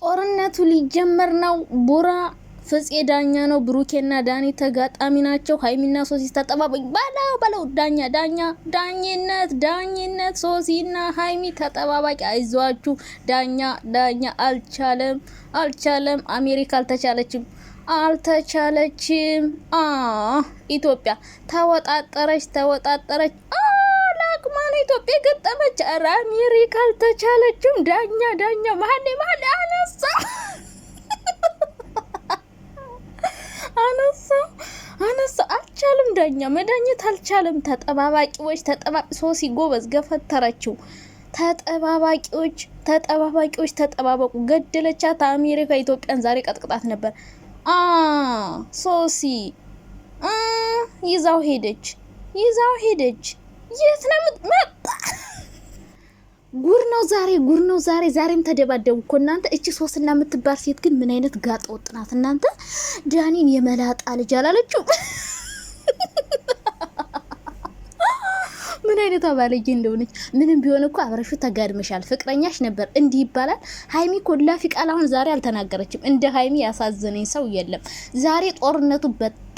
ጦርነቱ ሊጀመር ነው። ቡራ ፍጼ ዳኛ ነው። ብሩኬና ዳኒ ተጋጣሚ ናቸው። ሀይሚና ሶሲ ተጠባባቂ በለው በለው። ዳኛ ዳኛ ዳኝነት ዳኝነት። ሶሲና ሀይሚ ተጠባባቂ። አይዟችሁ ዳኛ ዳኛ። አልቻለም አልቻለም። አሜሪካ አልተቻለችም አልተቻለችም። ኢትዮጵያ ተወጣጠረች ተወጣጠረች። ኢትዮጵያ የገጠመች ኧረ አሜሪካ አልተቻለችም። ዳኛ ዳኛ መሀል መሀል አነሳ አነሳ አነሳ አልቻለም። ዳኛ መዳኘት አልቻለም። ተጠባባቂዎች ተጠባ ሶሲ ጎበዝ ገፈተረችው። ተጠባባቂዎች ተጠባባቂዎች ተጠባበቁ። ገደለቻት። አሜሪካ ኢትዮጵያን ዛሬ ቀጥቅጣት ነበር። አ ሶሲ ይዛው ሄደች፣ ይዛው ሄደች። የት ነው ጉር ነው ዛሬ፣ ጉር ነው ዛሬ። ዛሬም ተደባደቡ እኮ እናንተ። እቺ ሶስና የምትባል ሴት ግን ምን አይነት ጋጠ ወጥ ናት እናንተ! ዳኒን የመላጣ ልጅ አላለችው? ምን አይነት አባለጌ እንደሆነች። ምንም ቢሆን እኮ አብረሹ ተጋድመሻል፣ ፍቅረኛሽ ነበር እንዲህ ይባላል። ሀይሚ ኮላፊ ቃል አሁን ዛሬ አልተናገረችም። እንደ ሀይሚ ያሳዘነኝ ሰው የለም ዛሬ ጦርነቱ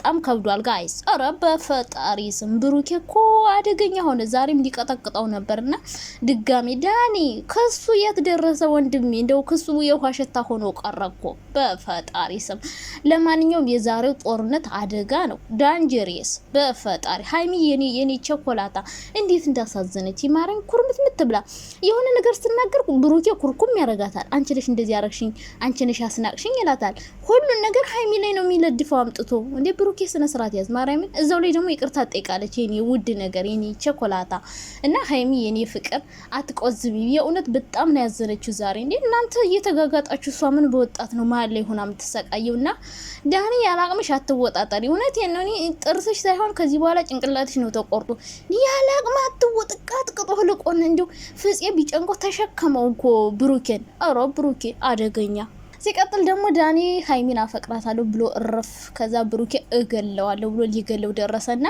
በጣም ከብዷል ጋይስ። ኧረ በፈጣሪ ስም ብሩኬ እኮ አደገኛ ሆነ። ዛሬም ሊቀጠቅጠው ነበርና ድጋሜ ዳኒ ክሱ የት ደረሰ ወንድሜ? እንደው ክሱ የውሃ ሸታ ሆኖ ቀረ እኮ በፈጣሪ ስም። ለማንኛውም የዛሬው ጦርነት አደጋ ነው፣ ዳንጀሪየስ በፈጣሪ ሀይሚ፣ የኔ ቸኮላታ እንዴት እንዳሳዘነች ይማረኝ። ኩርምት ምትብላ የሆነ ነገር ስናገር ብሩኬ ኩርኩም ያረጋታል። አንቺ ነሽ እንደዚህ ያረግሽኝ፣ አንቺ ነሽ ያስናቅሽኝ ይላታል። ሁሉን ነገር ሀይሚ ላይ ነው የሚለድፈው አምጥቶ እንዴ ብሩኬ ስነ ስርዓት ያዝ ማርያምን። እዛው ላይ ደግሞ ይቅርታ ጠይቃለች። የኔ ውድ ነገር የኔ ቸኮላታ እና ሀይሚ የኔ ፍቅር አትቆዝቢ። የእውነት በጣም ነው ያዘነችው ዛሬ። እንዴ እናንተ እየተጋጋጣችሁ እሷ ምን በወጣት ነው መሀል ላይ ሆና የምትሰቃየው? እና ዳኒ ያላቅምሽ አትወጣጠሪ። እውነት የነኒ ጥርስሽ ሳይሆን ከዚህ በኋላ ጭንቅላትሽ ነው ተቆርጦ። ያላቅም አትወጥ ቃጥቅጦ ልቆን እንዲሁ ፍጼ ቢጨንቆ ተሸከመው እኮ ብሩኬን። ኧረ ብሩኬ አደገኛ ሲቀጥል ደግሞ ዳኒ ሀይሚን አፈቅራታለሁ ብሎ እረፍ፣ ከዛ ብሩኬ እገለዋለሁ ብሎ ሊገለው ደረሰና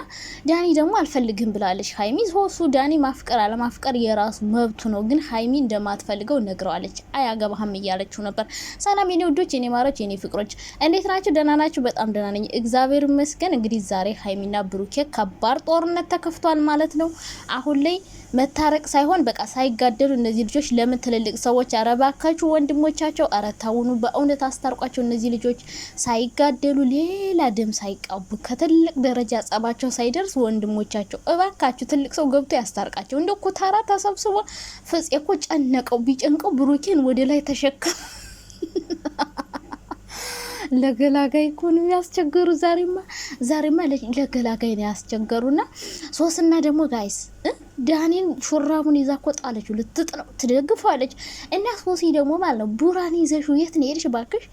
ዳኒ ደግሞ አልፈልግም ብላለች ሀይሚ። ሶሱ ዳኒ ማፍቀር አለማፍቀር የራሱ መብቱ ነው፣ ግን ሀይሚ እንደማትፈልገው ነግረዋለች። አያገባህም እያለችው ነበር። ሰላም የኔ ውዶች፣ የኔ ማሮች፣ የኔ ፍቅሮች እንዴት ናቸው? ደህና ናቸው? በጣም ደህና ነኝ እግዚአብሔር ይመስገን። እንግዲህ ዛሬ ሀይሚና ብሩኬ ከባድ ጦርነት ተከፍቷል ማለት ነው አሁን ላይ መታረቅ ሳይሆን በቃ ሳይጋደሉ እነዚህ ልጆች ለምን ትልልቅ ሰዎች አረ ወንድሞቻቸው አረታውኑ በእውነት አስታርቋቸው። እነዚህ ልጆች ሳይጋደሉ ሌላ ደም ሳይቃቡ ከትልቅ ደረጃ ጸባቸው ሳይደርስ ወንድሞቻቸው እባካችሁ ትልቅ ሰው ገብቶ ያስታርቃቸው። እንደ ኩታራ ተሰብስቦ ፍፄ እኮ ጨነቀው ቢጨንቀው ብሩኬን ወደ ላይ ተሸከም ለገላጋይ እኮ ነው ያስቸገሩ። ዛሬማ ዛሬማ ለገላጋይ ነው ያስቸገሩና ሶስና ደግሞ ጋይስ ዳኒን ሹራቡን ይዛ እኮ ጣለችው። ልትጥ ነው ትደግፈዋለች። እና ሶሲ ደግሞ ማለት ነው ቡራን ይዘሹ የት ነው የሄድሽ? ባክሽ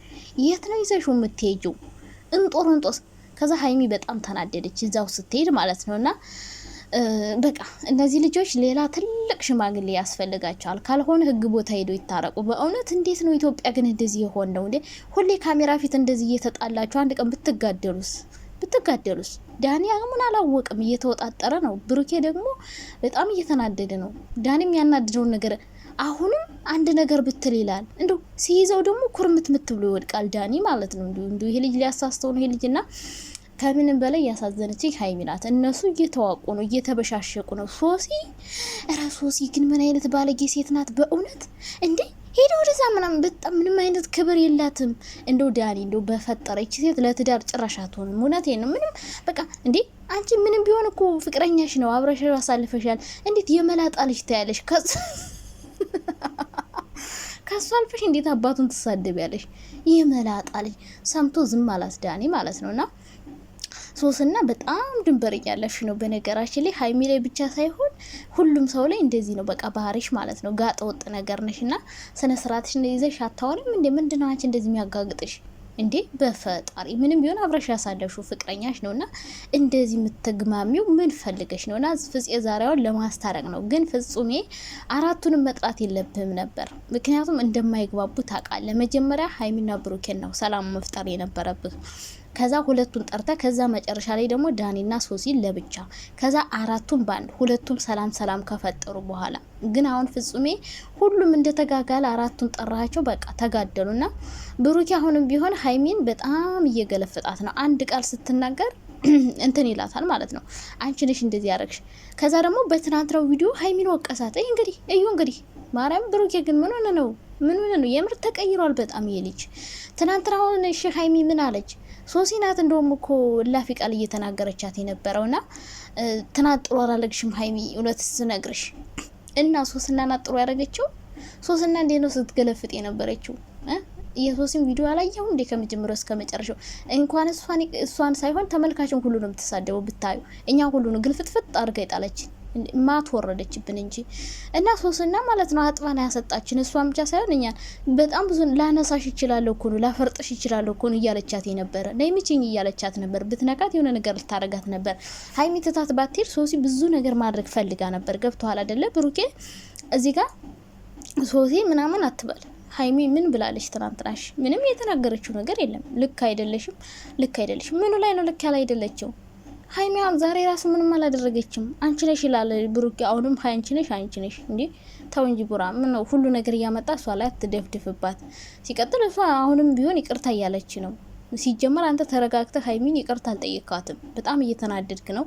የት ነው ይዘሹ የምትሄጂው? እንጦር እንጦስ። ከዛ ሀይሚ በጣም ተናደደች፣ እዛው ስትሄድ ማለት ነው እና በቃ እነዚህ ልጆች ሌላ ትልቅ ሽማግሌ ያስፈልጋቸዋል። ካልሆነ ህግ ቦታ ሄዶ ይታረቁ። በእውነት እንዴት ነው ኢትዮጵያ ግን እንደዚህ የሆን ነው እንዴ? ሁሌ ካሜራ ፊት እንደዚህ እየተጣላችሁ አንድ ቀን ብትጋደሉስ ብትጋደሉስ? ዳኒ አቅሙን አላወቅም፣ እየተወጣጠረ ነው። ብሩኬ ደግሞ በጣም እየተናደደ ነው። ዳኒም ያናደደውን ነገር አሁንም አንድ ነገር ብትል ይላል። እንዲሁ ሲይዘው ደግሞ ኩርምት ምትብሎ ይወድቃል ዳኒ ማለት ነው። እንዲሁ ይሄ ልጅ ሊያሳስተው ነው ይሄ ልጅና ከምንም በላይ ያሳዘነች ሀይሚ ናት። እነሱ እየተዋቁ ነው፣ እየተበሻሸቁ ነው። ሶሲ እረ ሶሲ ግን ምን አይነት ባለጌ ሴት ናት በእውነት እንዴ! ሄደ ወደዛ ምናምን በጣም ምንም አይነት ክብር የላትም። እንደው ዳኒ እንደው በፈጠረች ሴት ለትዳር ጭራሽ አትሆንም። እውነቴ ነው። ምንም በቃ እንዴ አንቺ ምንም ቢሆን እኮ ፍቅረኛሽ ነው አብረሽ አሳልፈሻል። እንዴት የመላጣ ልጅ ታያለሽ? ከሱ አልፈሽ እንዴት አባቱን ትሳደብ ያለሽ? የመላጣ ልጅ ሰምቶ ዝም አላት ዳኒ ማለት እና ሶስና በጣም ድንበር እያለፍሽ ነው። በነገራችን ላይ ሀይሚ ላይ ብቻ ሳይሆን ሁሉም ሰው ላይ እንደዚህ ነው። በቃ ባህሪሽ ማለት ነው። ጋጠ ወጥ ነገር ነሽ እና ስነ ስርዓትሽን ይዘሽ አታወሪም እንዴ? ምንድነው አንቺ እንደዚህ የሚያጋግጥሽ? እንዴ በፈጣሪ ምንም ቢሆን አብረሽ ያሳለፍሽው ፍቅረኛሽ ነው ነውና እንደዚህ የምትግማሚው ምን ፈልገሽ ነው? ነውና ፍፄ ዛሬዋን ለማስታረቅ ነው። ግን ፍጹሜ አራቱንም መጥራት የለብህም ነበር፣ ምክንያቱም እንደማይግባቡ ታውቃለህ። መጀመሪያ ሀይሚና ብሩኬን ነው ሰላም መፍጠር የነበረብህ። ከዛ ሁለቱን ጠርተ ከዛ መጨረሻ ላይ ደግሞ ዳኒና ሶሲን ለብቻ ከዛ አራቱን በአንድ ሁለቱም ሰላም ሰላም ከፈጠሩ በኋላ ግን አሁን ፍጹሜ ሁሉም እንደተጋጋለ አራቱን ጠራቸው። በቃ ተጋደሉና ብሩኬ አሁንም ቢሆን ሀይሚን በጣም እየገለፈጣት ነው። አንድ ቃል ስትናገር እንትን ይላታል ማለት ነው። አንቺ ነሽ እንደዚህ ያደረግሽ። ከዛ ደግሞ በትናንትናው ቪዲዮ ሀይሚን ወቀሳት። እንግዲህ እዩ እንግዲህ ማርያም ብሩኬ ግን ምን ሆነ ነው ምን ምን ነው የምር ተቀይሯል በጣም የልጅ ትናንትና አሁን እሺ ሀይሚ ምን አለች ሶሲ ናት እንደውም እኮ ላፊ ቃል እየተናገረቻት የነበረውና ትናንት ጥሩ አላለግሽም ሀይሚ እውነት ስነግርሽ እና ሶስና ናት ጥሩ ያደረገችው ሶስና እንዴት ነው ስትገለፍጥ የነበረችው የሶሲን ቪዲዮ አላየሁም እንዴ? ከመጀመሪያው እስከ መጨረሻው እንኳን እሷን ሳይሆን ተመልካችን ሁሉ ነው የምትሳደበው ብታዩ። እኛ ሁሉ ነው ግልፍጥፍጥ አድርጋ ይጣለችን። ማት ወረደችብን እንጂ እና ሶስና ማለት ነው አጥባን ያሰጣችን እሷን ብቻ ሳይሆን እኛን በጣም ብዙ ላነሳሽ ይችላለሁ እኮ ነው ላፈርጥሽ ይችላለሁ እኮ ነው እያለቻት ነበረ። ነይምችኝ እያለቻት ነበር። ብትነካት የሆነ ነገር ልታረጋት ነበር። ሀይሚ ትታት ባትሄድ ሶሲ ብዙ ነገር ማድረግ ፈልጋ ነበር። ገብቶሃል አይደለ ብሩኬ? እዚህ ጋር ሶሲ ምናምን አትበል። ሀይሚ ምን ብላለች ትናንትናሽ? ምንም የተናገረችው ነገር የለም። ልክ አይደለሽም፣ ልክ አይደለሽም። ምኑ ላይ ነው ልክ ያል አይደለችው? ሀይሚ ዛሬ ራስ ምንም አላደረገችም። አንቺ ነሽ ይላል ብሩክ። አሁንም ሀይ አንቺ ነሽ አንቺ ነሽ እንዴ! ተው እንጂ ቡራ፣ ምን ነው ሁሉ ነገር እያመጣ እሷ ላይ አትደፍድፍባት። ሲቀጥል እሷ አሁንም ቢሆን ይቅርታ እያለች ነው። ሲጀመር አንተ ተረጋግተህ ሀይሚን ይቅርታ አልጠየካትም። በጣም እየተናደድክ ነው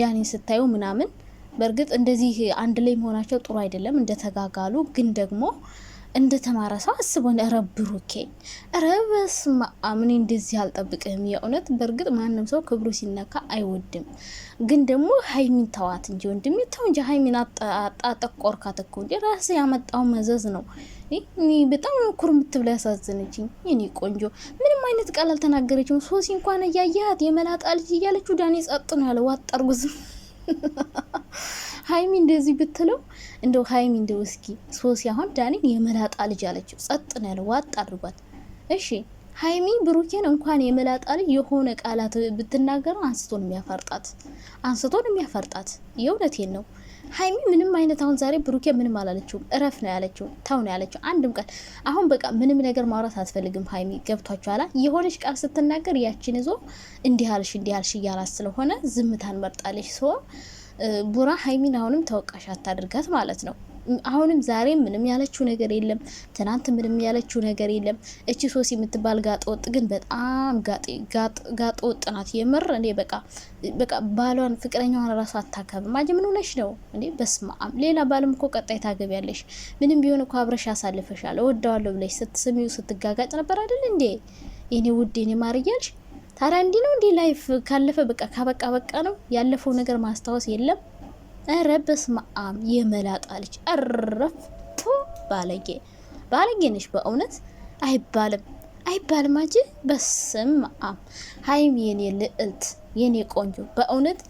ዳኒን ስታዩ ምናምን። በእርግጥ እንደዚህ አንድ ላይ መሆናቸው ጥሩ አይደለም እንደተጋጋሉ ግን ደግሞ እንደተማረ ሰው አስቦን ረብሩኬ ረበስ ማአምን እንደዚህ አልጠብቅህም። የእውነት በእርግጥ ማንም ሰው ክብሩ ሲነካ አይወድም። ግን ደግሞ ሀይሚን ተዋት እንጂ ወንድም ተው እንጂ ሀይሚን አጣጠቆርካት እኮ እንጂ ራስ ያመጣው መዘዝ ነው። በጣም ኩር የምትብላ ያሳዘነችኝ የኔ ቆንጆ ምንም አይነት ቃል አልተናገረችም። ሶሲ እንኳን እያያት የመላጣ ልጅ እያለችው ዳኔ ጸጥ ነው ያለ ዋጣርጉዝም ሀይሚ እንደዚህ ብትለው እንደው ሀይሚ እንደው እስኪ ሶሲ አሁን ዳኒን የመላጣ ልጅ አለችው። ጸጥ ነው ያለው፣ ዋጥ አድርጓት። እሺ ሀይሚ ብሩኬን እንኳን የመላጣ ልጅ የሆነ ቃላት ብትናገረው አንስቶን የሚያፈርጣት አንስቶን የሚያፈርጣት የእውነቴን ነው። ሀይሚ ምንም አይነት አሁን ዛሬ ብሩኬ ምንም አላለችውም። እረፍ ነው ያለችው፣ ተው ነው ያለችው። አንድም ቃል አሁን በቃ ምንም ነገር ማውራት አስፈልግም። ሀይሚ ገብቷችኋል። የሆነች ቃል ስትናገር ያችን ይዞ እንዲህ አልሽ እንዲህ አልሽ እያላት ስለሆነ ዝምታን መርጣለች። ሰው ቡራ ሀይሚን አሁንም ተወቃሽ አታድርጋት ማለት ነው። አሁንም ዛሬ ምንም ያለችው ነገር የለም። ትናንት ምንም ያለችው ነገር የለም። እቺ ሶስ የምትባል ጋጥ ወጥ ግን በጣም ጋጥ ወጥ ናት። የምር እኔ በቃ በቃ ባሏን ፍቅረኛዋን ራሱ አታከብም። ማጅ ምን ሆነሽ ነው እንዴ? በስማም ሌላ ባልም እኮ ቀጣይ ታገቢያለሽ። ምንም ቢሆን እኮ አብረሽ ያሳልፈሻል። እወደዋለሁ ብለሽ ስትስሚው ስትጋጋጭ ነበር አይደል እንዴ? የኔ ውድ የኔ ማር እያልሽ ታዲያ እንዲህ ነው እንዲህ ላይፍ ካለፈ በቃ ካበቃ በቃ ነው። ያለፈው ነገር ማስታወስ የለም። ኧረ በስመ አብ የመላጣ ልጅ እረፍቶ ባለጌ ባለጌ ነሽ በእውነት አይባልም አይባልም አጂ በስመ አብ ሀይም የኔ ልዕልት የኔ ቆንጆ በእውነት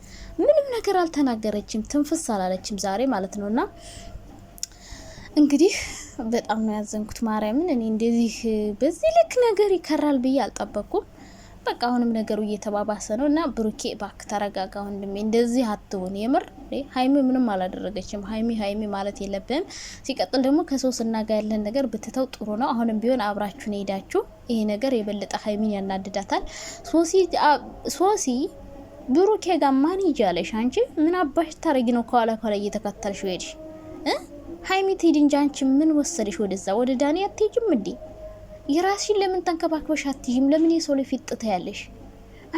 ምንም ነገር አልተናገረችም ትንፍስ አላለችም ዛሬ ማለት ነው እና እንግዲህ በጣም ነው ያዘንኩት ማርያምን እኔ እንደዚህ በዚህ ልክ ነገር ይከራል ብዬ አልጠበቅኩም በቃ አሁንም ነገሩ እየተባባሰ ነው እና ብሩኬ ባክ ተረጋጋ ወንድሜ፣ እንደዚህ አትሆን። የምር ሀይሚ ምንም አላደረገችም። ሀይሚ ሀይሚ ማለት የለብህም። ሲቀጥል ደግሞ ከሶስና ጋር ያለን ነገር ብትተው ጥሩ ነው። አሁንም ቢሆን አብራችሁን ሄዳችሁ ይሄ ነገር የበለጠ ሀይሚን ያናድዳታል። ሶሲ ብሩኬ ጋር ማን ይጃለሽ አንቺ? ምን አባሽ ታረጊ ነው ከኋላ ከኋላ እየተከተልሽ ሄድሽ? ሀይሚ ትሂድ እንጂ አንቺ ምን ወሰደሽ ወደዛ? ወደ ዳኒ አትሄጂም እንዴ? የራስሽን ለምን ተንከባክበሽ አትይም? ለምን የሰው ላይ ፊት ትታያለሽ?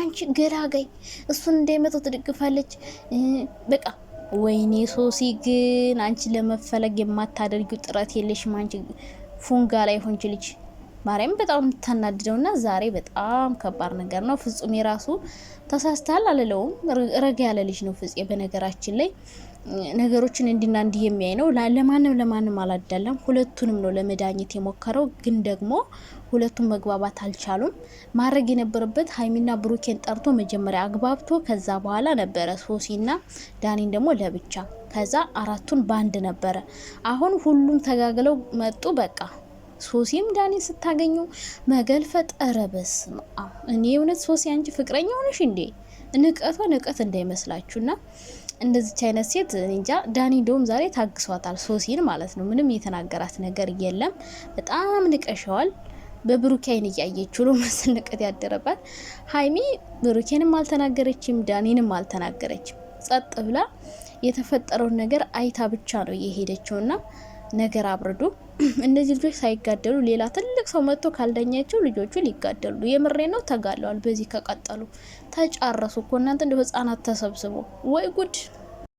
አንቺ ገላጋይ! እሱን እንዳይመጣ ትደግፋለች። በቃ ወይኔ ሶሲ ግን አንቺ ለመፈለግ የማታደርጊው ጥረት የለሽም። አንቺ ፉንጋ ላይ ሆንች ልጅ ማርያም በጣም የምታናድደው እና ዛሬ በጣም ከባድ ነገር ነው። ፍጹም የራሱ ተሳስታል አልለውም። ረጋ ያለ ልጅ ነው ፍጹም በነገራችን ላይ ነገሮችን እንዲና እንዲህ የሚያይ ነው። ለማንም ለማንም አላዳለም። ሁለቱንም ነው ለመዳኘት የሞከረው፣ ግን ደግሞ ሁለቱም መግባባት አልቻሉም። ማድረግ የነበረበት ሀይሚና ብሩኬን ጠርቶ መጀመሪያ አግባብቶ ከዛ በኋላ ነበረ ሶሲና ዳኒን ደግሞ ለብቻ ከዛ አራቱን ባንድ ነበረ። አሁን ሁሉም ተጋግለው መጡ። በቃ ሶሲም ዳኒን ስታገኙ መገልፈጥ ረበስ ነው። እኔ እውነት ሶሲ አንቺ ፍቅረኛ ሆነሽ እንዴ? ንቀቷ ንቀት እንዳይመስላችሁና እንደዚች አይነት ሴት እንጃ ዳኒ ዶም ዛሬ ታግሷታል፣ ሶሲን ማለት ነው። ምንም የተናገራት ነገር የለም። በጣም ንቀሸዋል። በብሩኬን እያየችው ነው መሰል ንቀት ያደረባት ሀይሚ። ብሩኬንም አልተናገረችም፣ ዳኒንም አልተናገረችም። ጸጥ ብላ የተፈጠረውን ነገር አይታ ብቻ ነው የሄደችውና ነገር አብርዱ። እነዚህ ልጆች ሳይጋደሉ ሌላ ትልቅ ሰው መጥቶ ካልዳኛቸው ልጆቹ ሊጋደሉ የምሬ ነው። ተጋለዋል። በዚህ ከቀጠሉ ተጫረሱ እኮ እናንተ እንደ ህጻናት ተሰብስቦ ወይ ጉድ